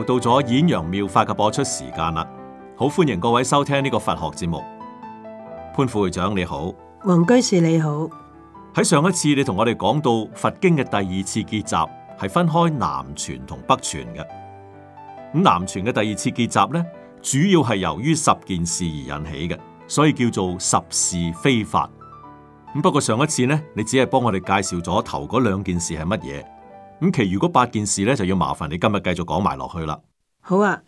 又到咗演揚妙法嘅播出時間啦，好歡迎各位收聽呢個佛學節目。潘副會長你好，黃居士你好。喺上一次你同我哋講到佛經嘅第二次結集係分開南傳同北傳嘅。咁南傳嘅第二次結集呢，主要係由於十件事而引起嘅，所以叫做十事非法。咁不過上一次呢，你只係幫我哋介紹咗頭嗰兩件事係乜嘢。咁其餘嗰八件事咧，就要麻煩你今日繼續講埋落去啦。好啊，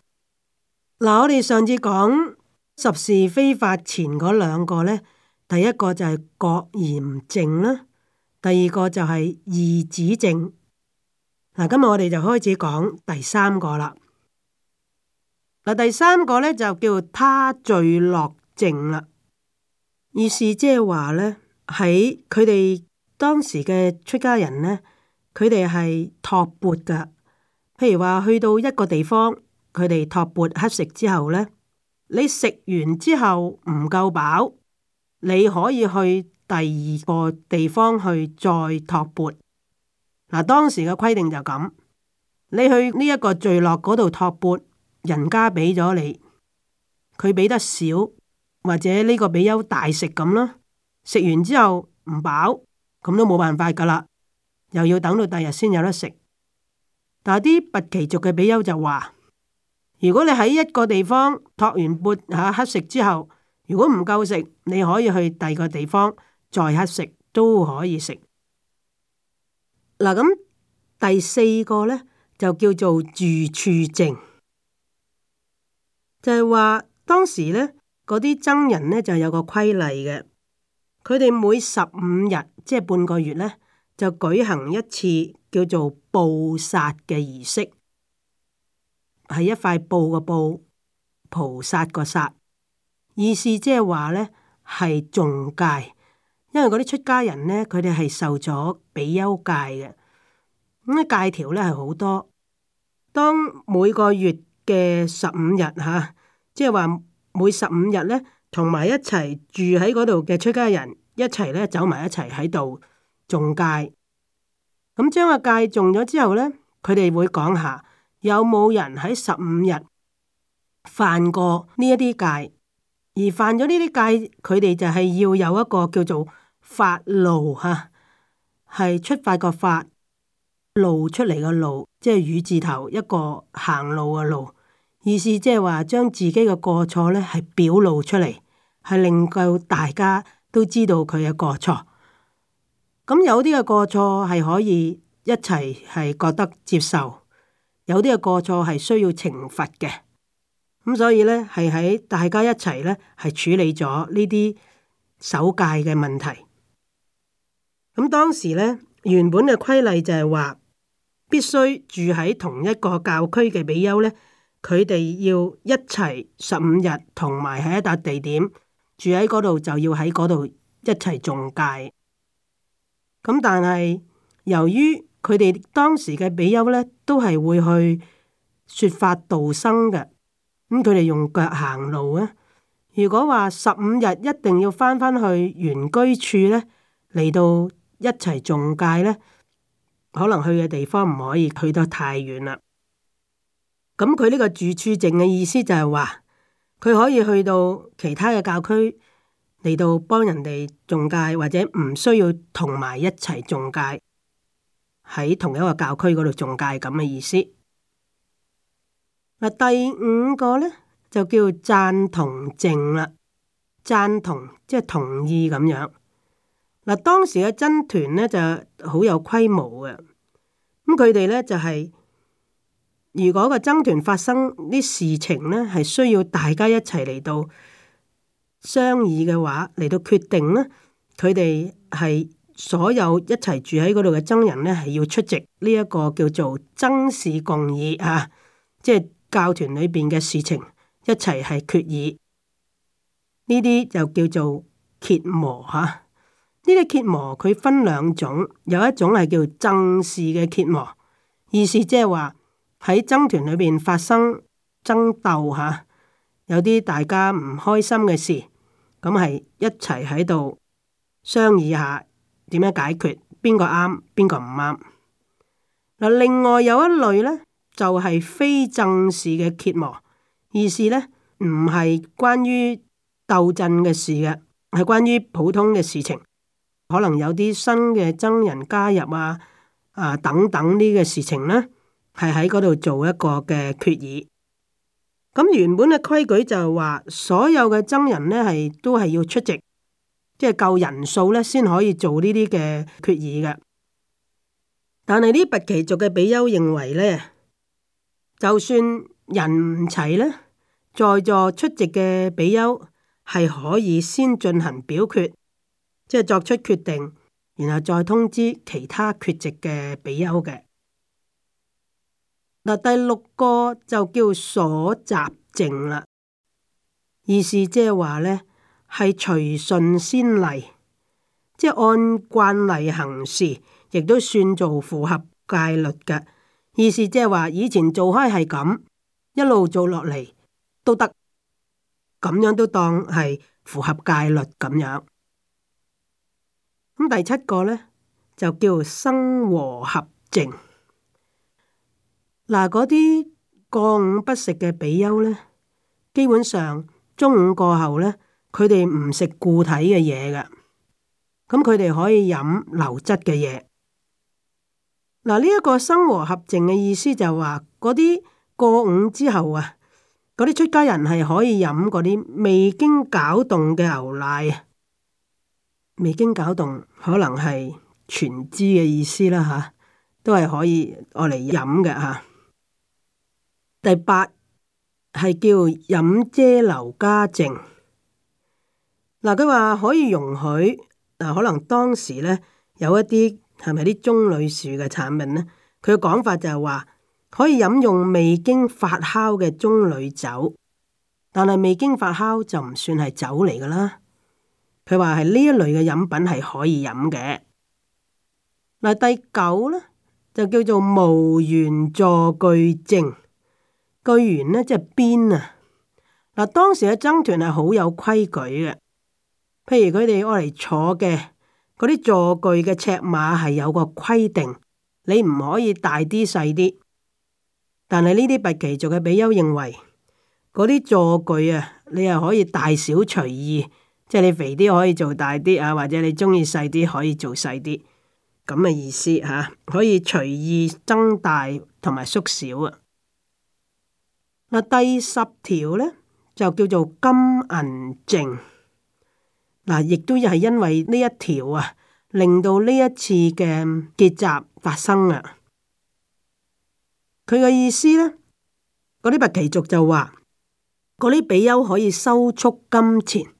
嗱，我哋上次講十事非法前嗰兩個咧，第一個就係角鹽淨啦，第二個就係二指淨。嗱，今日我哋就開始講第三個啦。嗱，第三個咧就叫他聚落淨啦，意思即係話咧，喺佢哋當時嘅出家人咧。佢哋係托缽噶譬如話去到一個地方，佢哋托缽乞食之後呢，你食完之後唔夠飽，你可以去第二個地方去再托缽。嗱，當時嘅規定就咁，你去呢一個聚落嗰度托缽，人家俾咗你，佢俾得少，或者呢個比丘大食咁咯，食完之後唔飽，咁都冇辦法噶啦。又要等到第日先有得食，但係啲拔奇族嘅比丘就話：如果你喺一個地方托完缽下乞食之後，如果唔夠食，你可以去第二個地方再乞食，都可以食。嗱咁、啊，第四個呢就叫做住處淨，就係、是、話當時呢嗰啲僧人呢就有個規例嘅，佢哋每十五日即係半個月呢，就舉行一次叫做布薩嘅儀式，係一塊布嘅布，菩薩個薩，意思即係話呢係誦戒，因為嗰啲出家人呢，佢哋係受咗比丘戒嘅，咁呢戒條呢係好多。當每個月嘅十五日吓，即係話每十五日呢，同埋一齊住喺嗰度嘅出家人一齊呢走埋一齊喺度。種戒，咁將個戒中咗之後呢，佢哋會講下有冇人喺十五日犯過呢一啲戒，而犯咗呢啲戒，佢哋就係要有一個叫做發露、發露，吓，係出發個發，露出嚟個露，即係雨字頭一個行路嘅路。意思即係話將自己嘅過錯呢係表露出嚟，係令到大家都知道佢嘅過錯。咁有啲嘅過錯係可以一齊係覺得接受，有啲嘅過錯係需要懲罰嘅。咁所以呢，係喺大家一齊呢，係處理咗呢啲守戒嘅問題。咁當時呢，原本嘅規例就係話，必須住喺同一個教區嘅比丘呢，佢哋要一齊十五日，同埋喺一笪地點住喺嗰度，就要喺嗰度一齊誦戒。咁但係由於佢哋當時嘅比丘呢，都係會去説法度生嘅，咁佢哋用腳行路啊。如果話十五日一定要返返去原居處呢，嚟到一齊仲戒呢，可能去嘅地方唔可以去得太遠啦。咁佢呢個住處證嘅意思就係話，佢可以去到其他嘅教區。嚟到幫人哋眾戒，或者唔需要同埋一齊眾戒，喺同一個教區嗰度眾戒。咁嘅意思。嗱，第五個呢就叫贊同淨啦，贊同即係同意咁樣。嗱，當時嘅僧團呢就好有規模嘅，咁佢哋呢就係、是、如果個僧團發生啲事情呢，係需要大家一齊嚟到商議嘅話嚟到決定呢，佢哋係所有一齊住喺嗰度嘅僧人呢，係要出席呢一個叫做僧事共議啊，即係教團裏邊嘅事情一齊係決議。呢啲就叫做揭磨嚇，呢啲揭磨佢分兩種，有一種係叫做僧事嘅揭磨，意思即係話喺僧團裏邊發生爭鬥嚇、啊，有啲大家唔開心嘅事。咁係一齊喺度商議下點樣解決，邊個啱，邊個唔啱。嗱，另外有一類呢，就係、是、非正式嘅羯磨，意思呢，唔係關於鬥爭嘅事嘅，係關於普通嘅事情，可能有啲新嘅僧人加入啊，啊等等呢個事情呢，係喺嗰度做一個嘅決議。咁原本嘅規矩就係話，所有嘅僧人呢係都係要出席，即係夠人數呢先可以做呢啲嘅決議嘅。但係呢，跋耆族嘅比丘認為呢，就算人唔齊啦，在座出席嘅比丘係可以先進行表決，即係作出決定，然後再通知其他缺席嘅比丘嘅。嗱，第六個就叫所習淨啦，意思即係話呢，係隨順先例，即係按慣例行事，亦都算做符合戒律嘅。意思即係話，以前做開係咁，一路做落嚟都得，咁樣都當係符合戒律咁樣。咁第七個呢，就叫生和合淨。嗱，嗰啲過午不食嘅比丘呢，基本上中午過後呢，佢哋唔食固體嘅嘢噶，咁佢哋可以飲流質嘅嘢。嗱，呢一個生和合淨嘅意思就係話，嗰啲過午之後啊，嗰啲出家人係可以飲嗰啲未經攪動嘅牛奶啊，未經攪動可能係全脂嘅意思啦嚇，都係可以愛嚟飲嘅嚇。第八係叫飲遮流家淨，嗱佢話可以容許，嗱可能當時呢有一啲係咪啲棕櫚樹嘅產品呢？佢嘅講法就係話可以飲用未經發酵嘅棕櫚酒，但係未經發酵就唔算係酒嚟噶啦。佢話係呢一類嘅飲品係可以飲嘅。嗱第九呢，就叫做無緣坐具淨。據言呢即係邊啊？嗱，當時嘅僧團係好有規矩嘅，譬如佢哋攞嚟坐嘅嗰啲坐具嘅尺碼係有個規定，你唔可以大啲細啲。但係呢啲跋耆族嘅比丘認為，嗰啲坐具啊，你係可以大小隨意，即係你肥啲可以做大啲啊，或者你中意細啲可以做細啲咁嘅意思吓，可以隨意增大同埋縮小啊。嗱，第十條呢就叫做金銀淨，嗱亦都係因為呢一條啊，令到呢一次嘅結集發生啊。佢嘅意思呢，嗰啲白耆族就話，嗰啲比丘可以收蓄金錢。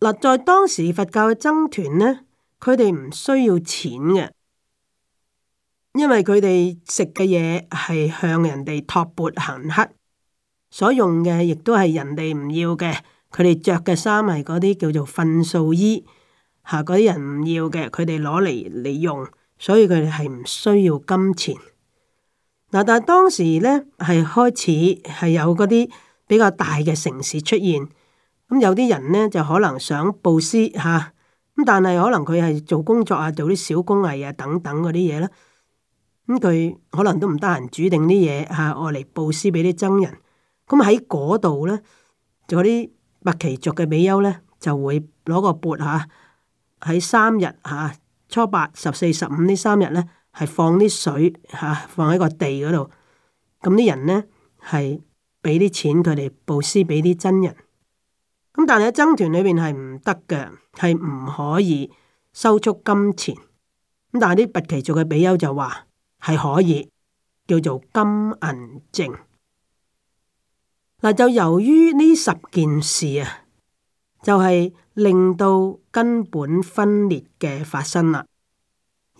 嗱，在當時佛教嘅僧團呢，佢哋唔需要錢嘅。因為佢哋食嘅嘢係向人哋托缽行乞，所用嘅亦都係人哋唔要嘅。佢哋着嘅衫係嗰啲叫做糞掃衣，吓嗰啲人唔要嘅，佢哋攞嚟嚟用，所以佢哋係唔需要金錢。嗱、啊，但係當時咧係開始係有嗰啲比較大嘅城市出現，咁、啊、有啲人咧就可能想布施吓，咁、啊、但係可能佢係做工作啊，做啲小工藝啊等等嗰啲嘢啦。咁佢可能都唔得閒煮定啲嘢，吓、愛、啊、嚟布施俾啲僧人。咁喺嗰度呢，就嗰啲白旗族嘅比丘呢，就會攞個鉢吓，喺三日吓、啊、初八、十四、十五呢三日呢，係放啲水吓、啊，放喺個地嗰度。咁啲人呢，係俾啲錢佢哋布施俾啲僧人。咁但係喺僧團裏邊係唔得嘅，係唔可以收蓄金錢。咁但係啲白旗族嘅比丘就話。係可以叫做金銀淨嗱，就由於呢十件事啊，就係、是、令到根本分裂嘅發生啦。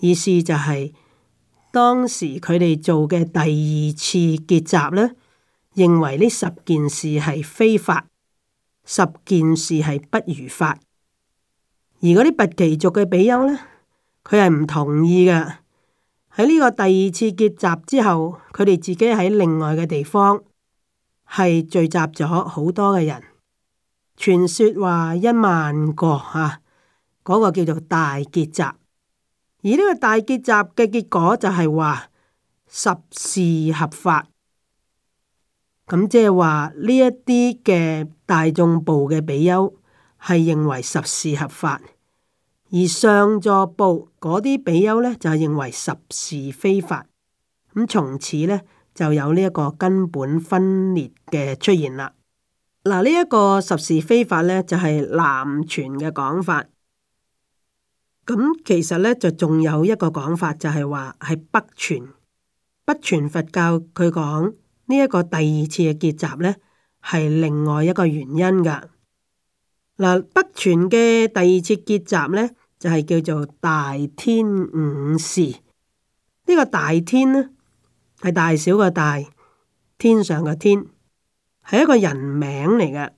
意思就係、是、當時佢哋做嘅第二次結集咧，認為呢十件事係非法，十件事係不如法，而嗰啲跋耆族嘅比丘咧，佢係唔同意嘅。喺呢個第二次結集之後，佢哋自己喺另外嘅地方係聚集咗好多嘅人，傳說話一萬個吓，嗰、啊嗰個叫做大結集。而呢個大結集嘅結果就係話十事合法，咁即係話呢一啲嘅大眾部嘅比丘係認為十事合法。而上座部嗰啲比丘呢，就係認為十事非法，咁從此呢，就有呢一個根本分裂嘅出現啦。嗱，呢一個十事非法呢，就係南傳嘅講法。咁其實呢，就仲有一個講法，就係話係北傳，北傳佛教佢講呢一個第二次嘅結集呢，係另外一個原因㗎。嗱，北傳嘅第二次結集呢。就係叫做大天五事，呢、這個大天呢係大小嘅大，天上嘅天，係一個人名嚟嘅。呢、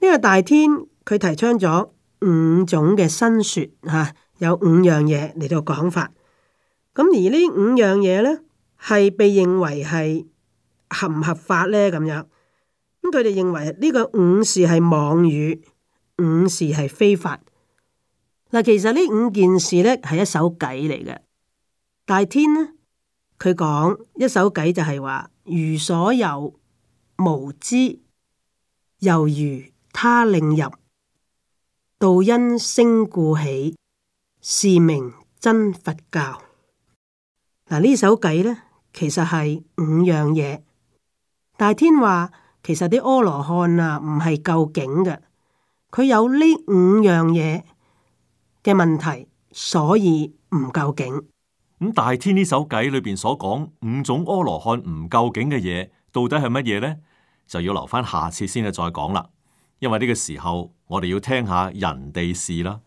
這個大天佢提倡咗五種嘅新說吓、啊，有五樣嘢嚟到講法。咁而呢五樣嘢呢，係被認為係合唔合法呢？咁樣咁佢哋認為呢個五事係妄語，五事係非法。嗱，其實呢五件事呢係一首偈嚟嘅。大天呢，佢講一首偈就係話：如所有無知，猶如他令入，道因聲故起，是名真佛教。嗱、啊，呢首偈呢，其實係五樣嘢。大天話，其實啲阿羅漢啊，唔係究竟嘅，佢有呢五樣嘢。嘅問題，所以唔究竟。咁、嗯、大天呢首偈裏邊所講五種阿羅漢唔究竟嘅嘢，到底係乜嘢呢？就要留翻下，下次先去再講啦。因為呢個時候我哋要聽下人哋事啦。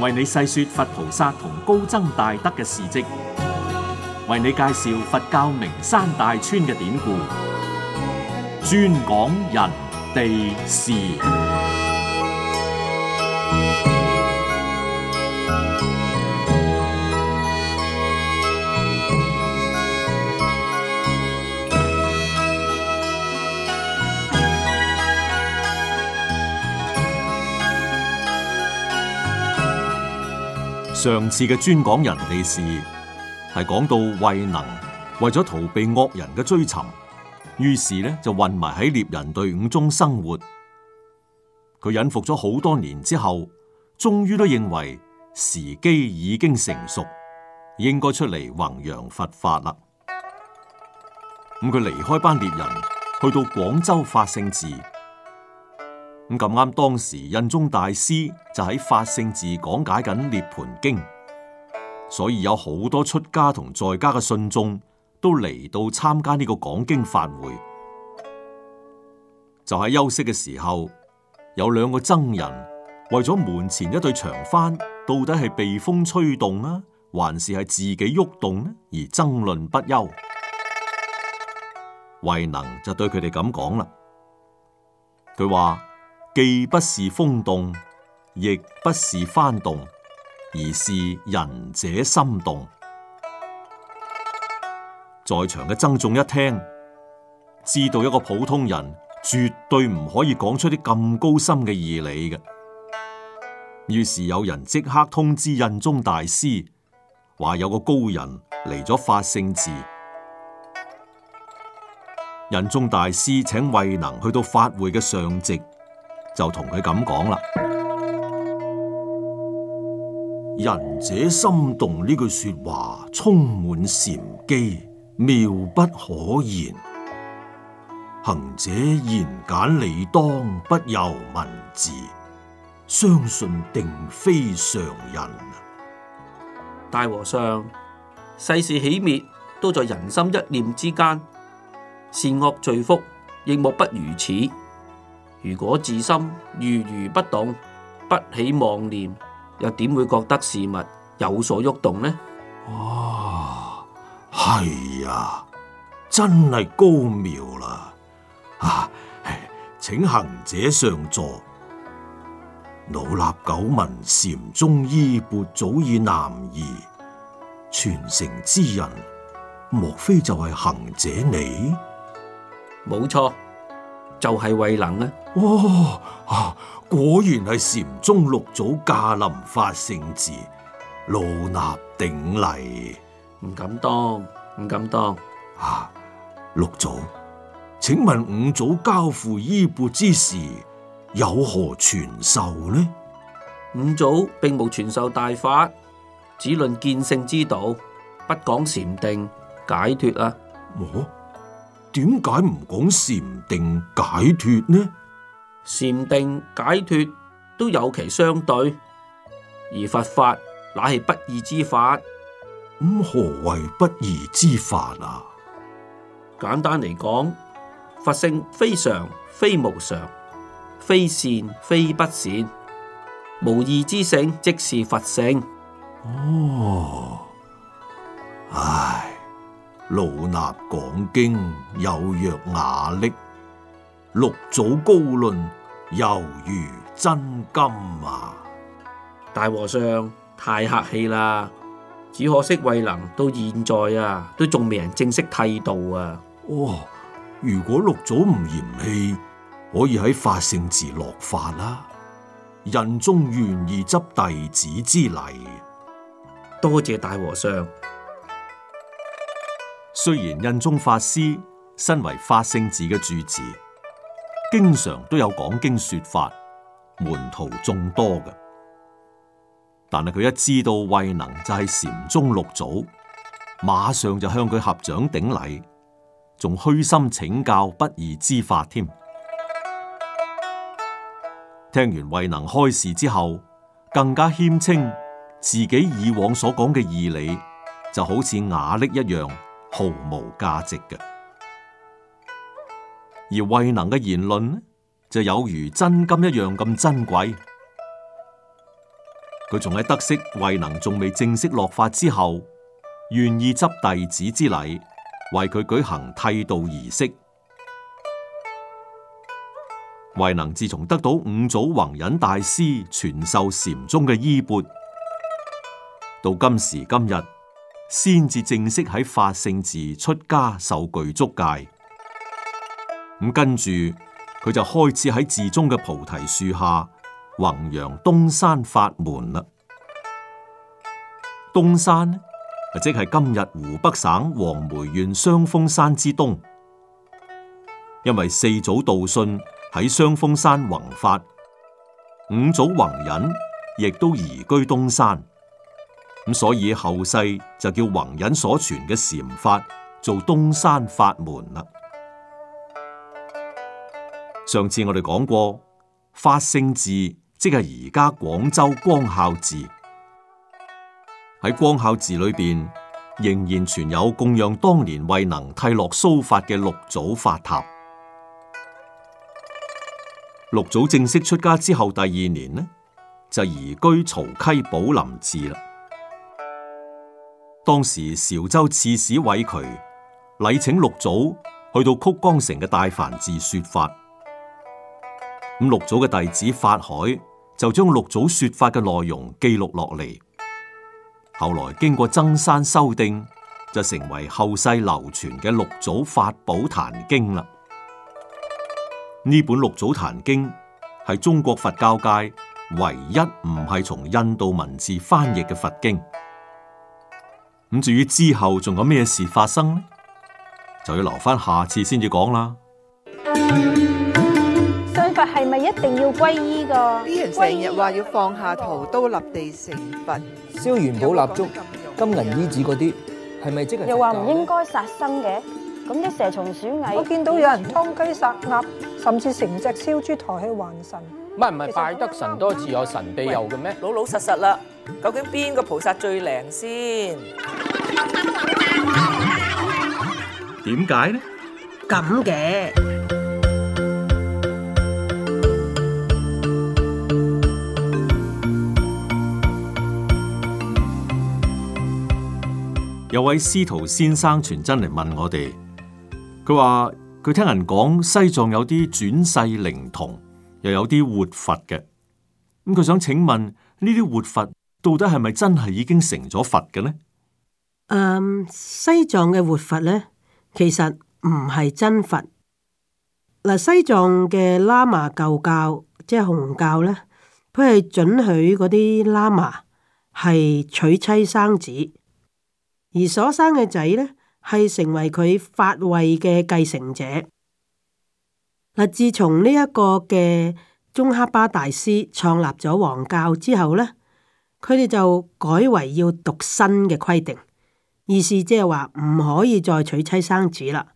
為你細說佛菩薩同高僧大德嘅事跡。為你介紹佛教名山大川嘅典故，專講人地事。上次嘅專講人地事。係講到慧能為咗逃避惡人嘅追尋，於是咧就混埋喺獵人隊伍中生活。佢隱伏咗好多年之後，終於都認為時機已經成熟，應該出嚟弘揚佛法啦。咁佢離開班獵人，去到廣州法性寺。咁咁啱，當時印宗大師就喺法性寺講解緊《涅槃經》。所以有好多出家同在家嘅信眾都嚟到參加呢、這個講經法會。就喺休息嘅時候，有兩個僧人為咗門前一對長幡，到底係被風吹動啊，還是係自己喐動呢、啊？而爭論不休。慧能就對佢哋咁講啦：佢話既不是風動，亦不是幡動，而是仁者心動，在場嘅僧眾一聽，知道一個普通人絕對唔可以講出啲咁高深嘅義理嘅，於是有人即刻通知印宗大師，話有個高人嚟咗法性寺。印宗大師請慧能去到法會嘅上席，就同佢咁講啦。仁者心動呢句說話充滿禪機，妙不可言。行者言簡理當，不由文字，相信定非常人。大和尚，世事起滅都在人心一念之間，善惡罪福亦莫不如此。如果自心如如不動，不起妄念。又點會覺得事物有所喐動、動呢？哦，係啊，真係高妙啦！啊，請行者上座。老衲久聞禪宗衣缽，早已南移傳承之人，莫非就係行者你？冇錯。就係慧能呢、啊？哇、哦啊、果然係禪宗六祖駕臨發聖旨，老衲頂禮。唔敢當，唔敢當啊！六祖，請問五祖交付衣缽之時，有何傳授呢？五祖並冇傳授大法，只論見性之道，不講禪定解脱啊！我、哦。點解唔講禪定解脱呢？禪定解脱都有其相對，而佛法乃係不二之法。咁、嗯、何為不二之法啊？簡單嚟講，佛性非常非無常，非善非不善，無二之性即是佛性。哦，唉。老衲講經有若瓦礫，六祖高論猶如真金啊！大和尚太客氣啦，只可惜慧能到現在啊，都仲未人正式剃度啊！哦，如果六祖唔嫌棄，可以喺法性寺落髮啦，啊。印宗願意執弟子之禮，多謝大和尚。雖然印宗法師身為法性寺嘅住持，經常都有講經說法，門徒眾多嘅，但係佢一知道慧能就係禪宗六祖，馬上就向佢合掌頂禮，仲虛心請教不二之法添。聽完慧能開示之後，更加謙稱自己以往所講嘅義理就好似瓦礫一樣。毫無價值嘅，而慧能嘅言論就有如真金一樣咁珍貴。佢仲喺得悉慧能仲未正式落髮之後，願意執弟子之禮，為佢舉行剃度儀式。慧能自從得到五祖弘忍大師傳授禪宗嘅衣缽，到今時今日。先至正式喺法聖寺出家受具足戒，咁跟住佢就開始喺寺中嘅菩提樹下弘揚東山法門啦。東山即係今日湖北省黃梅縣雙峰山之東，因為四祖道信喺雙峰山弘法，五祖弘忍亦都移居東山。咁所以後世就叫弘忍所傳嘅禪法做東山法門啦。上次我哋講過，法性寺即係而家廣州光孝寺。喺光孝寺裏邊，仍然存有供養當年為惠能剃落鬚髮嘅六祖法塔。六祖正式出家之後第二年呢，就移居曹溪寶林寺啦。當時潮州刺史韋璩禮請六祖去到曲江城嘅大梵寺說法，咁六祖嘅弟子法海就將六祖說法嘅內容記錄落嚟，後來經過增刪修訂，就成為後世流傳嘅六祖法寶壇經啦。呢本六祖壇經係中國佛教界唯一唔係從印度文字翻譯嘅佛經。咁至於之後仲有咩事發生呢？就要留翻下次先至講啦。信佛係咪一定要皈依噶？呢，人成日話要放下屠刀立地成佛，燒元寶蠟燭，有有金銀衣紙嗰啲，係咪、嗯？即係又話唔應該殺生嘅，咁啲蛇蟲鼠蟻，我見到有人劏雞殺鴨，甚至成隻燒豬抬去還神。乜唔係，拜得神多自有神庇佑嘅咩？老老實實啦，究竟邊個菩薩最靈先？點解呢？咁嘅有位司徒先生傳真嚟問我哋，佢話佢聽人講西藏有啲轉世靈童。又有啲活佛嘅，咁、嗯、佢想請問呢啲活佛到底係咪真係已經成咗佛嘅呢？嗯、um,，西藏嘅活佛咧，其實唔係真佛。嗱，西藏嘅喇嘛舊教教即係紅教咧，佢係准許嗰啲喇嘛係娶妻生子，而所生嘅仔咧係成為佢法位嘅繼承者。嗱，自從呢一個嘅宗喀巴大師創立咗黃教之後呢，佢哋就改為要讀新嘅規定，意思即係話唔可以再娶妻生子啦。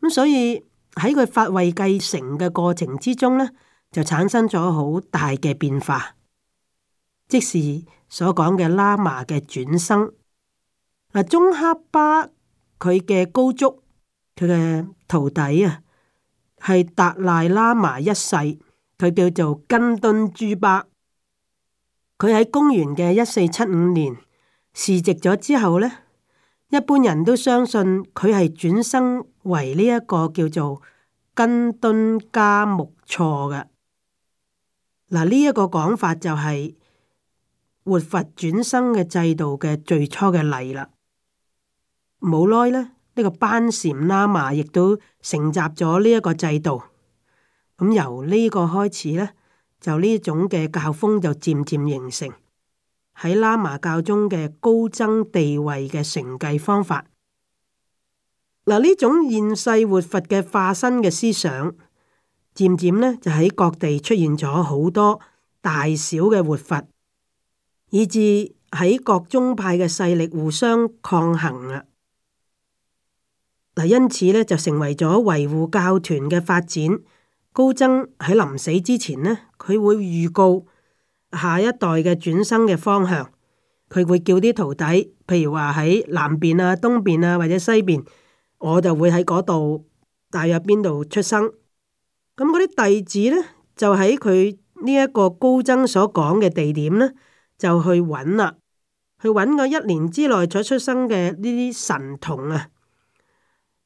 咁所以喺佢法位繼承嘅過程之中呢，就產生咗好大嘅變化，即是所講嘅喇嘛嘅轉生。嗱，宗喀巴佢嘅高足，佢嘅徒弟啊。係達賴喇嘛一世，佢叫做根敦珠巴。佢喺公元嘅一四七五年逝世咗之後呢，一般人都相信佢係轉生為呢一個叫做根敦加木錯嘅。嗱，呢一個講法就係活佛轉生嘅制度嘅最初嘅例啦。冇耐呢。呢個班禪喇嘛亦都承襲咗呢一個制度，咁由呢個開始呢，就呢種嘅教風就漸漸形成喺喇嘛教中嘅高僧地位嘅承繼方法。嗱，呢種現世活佛嘅化身嘅思想，漸漸呢，就喺各地出現咗好多大小嘅活佛，以至喺各宗派嘅勢力互相抗衡啊。因此咧就成為咗維護教團嘅發展。高僧喺臨死之前呢，佢會預告下一代嘅轉生嘅方向。佢會叫啲徒弟，譬如話喺南邊啊、東邊啊或者西邊，我就會喺嗰度大約邊度出生。咁嗰啲弟子呢，就喺佢呢一個高僧所講嘅地點呢，就去揾啦，去揾個一年之內才出生嘅呢啲神童啊。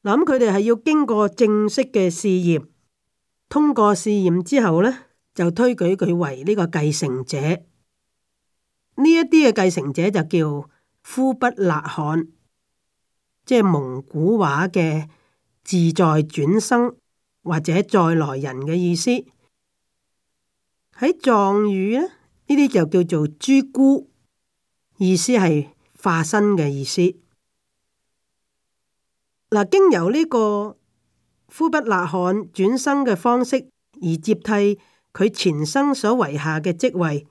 咁佢哋係要經過正式嘅試驗，通過試驗之後呢，就推舉佢為呢個繼承者。呢一啲嘅繼承者就叫呼不勒罕，即係蒙古話嘅自在轉生或者再來人嘅意思。喺藏語呢，呢啲就叫做朱古，意思係化身嘅意思。嗱，經由呢個呼畢勒罕轉生嘅方式而接替佢前生所遺下嘅職位，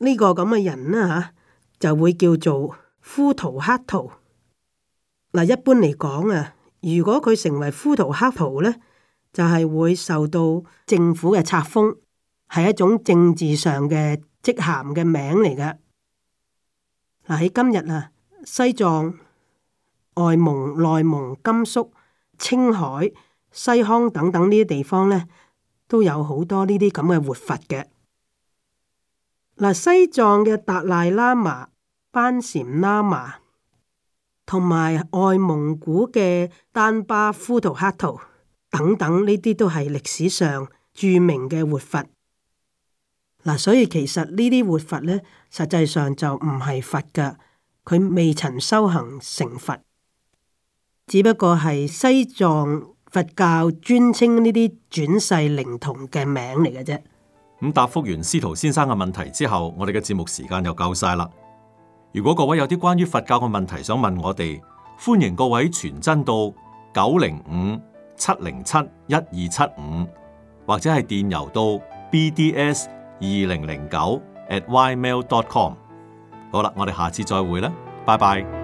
呢、這個咁嘅人啦、啊、吓，就會叫做呼圖克圖。嗱，一般嚟講啊，如果佢成為呼圖克圖呢，就係、是、會受到政府嘅冊封，係一種政治上嘅職銜嘅名嚟㗎。嗱，喺今日啊，西藏、外蒙、內蒙、甘肅、青海、西康等等呢啲地方呢，都有好多呢啲咁嘅活佛嘅。嗱、啊，西藏嘅達賴喇嘛、班禪喇嘛，同埋外蒙古嘅丹巴呼圖克圖等等，呢啲都係歷史上著名嘅活佛。嗱、啊，所以其實呢啲活佛呢，實際上就唔係佛㗎，佢未曾修行成佛。只不過係西藏佛教專稱呢啲轉世靈童嘅名嚟嘅啫。咁答覆完司徒先生嘅問題之後，我哋嘅節目時間又夠晒啦。如果各位有啲關於佛教嘅問題想問我哋，歡迎各位傳真到九零五七零七一二七五，75, 或者係電郵到 bds 二零零九 at ymail.com。好啦，我哋下次再會啦，拜拜。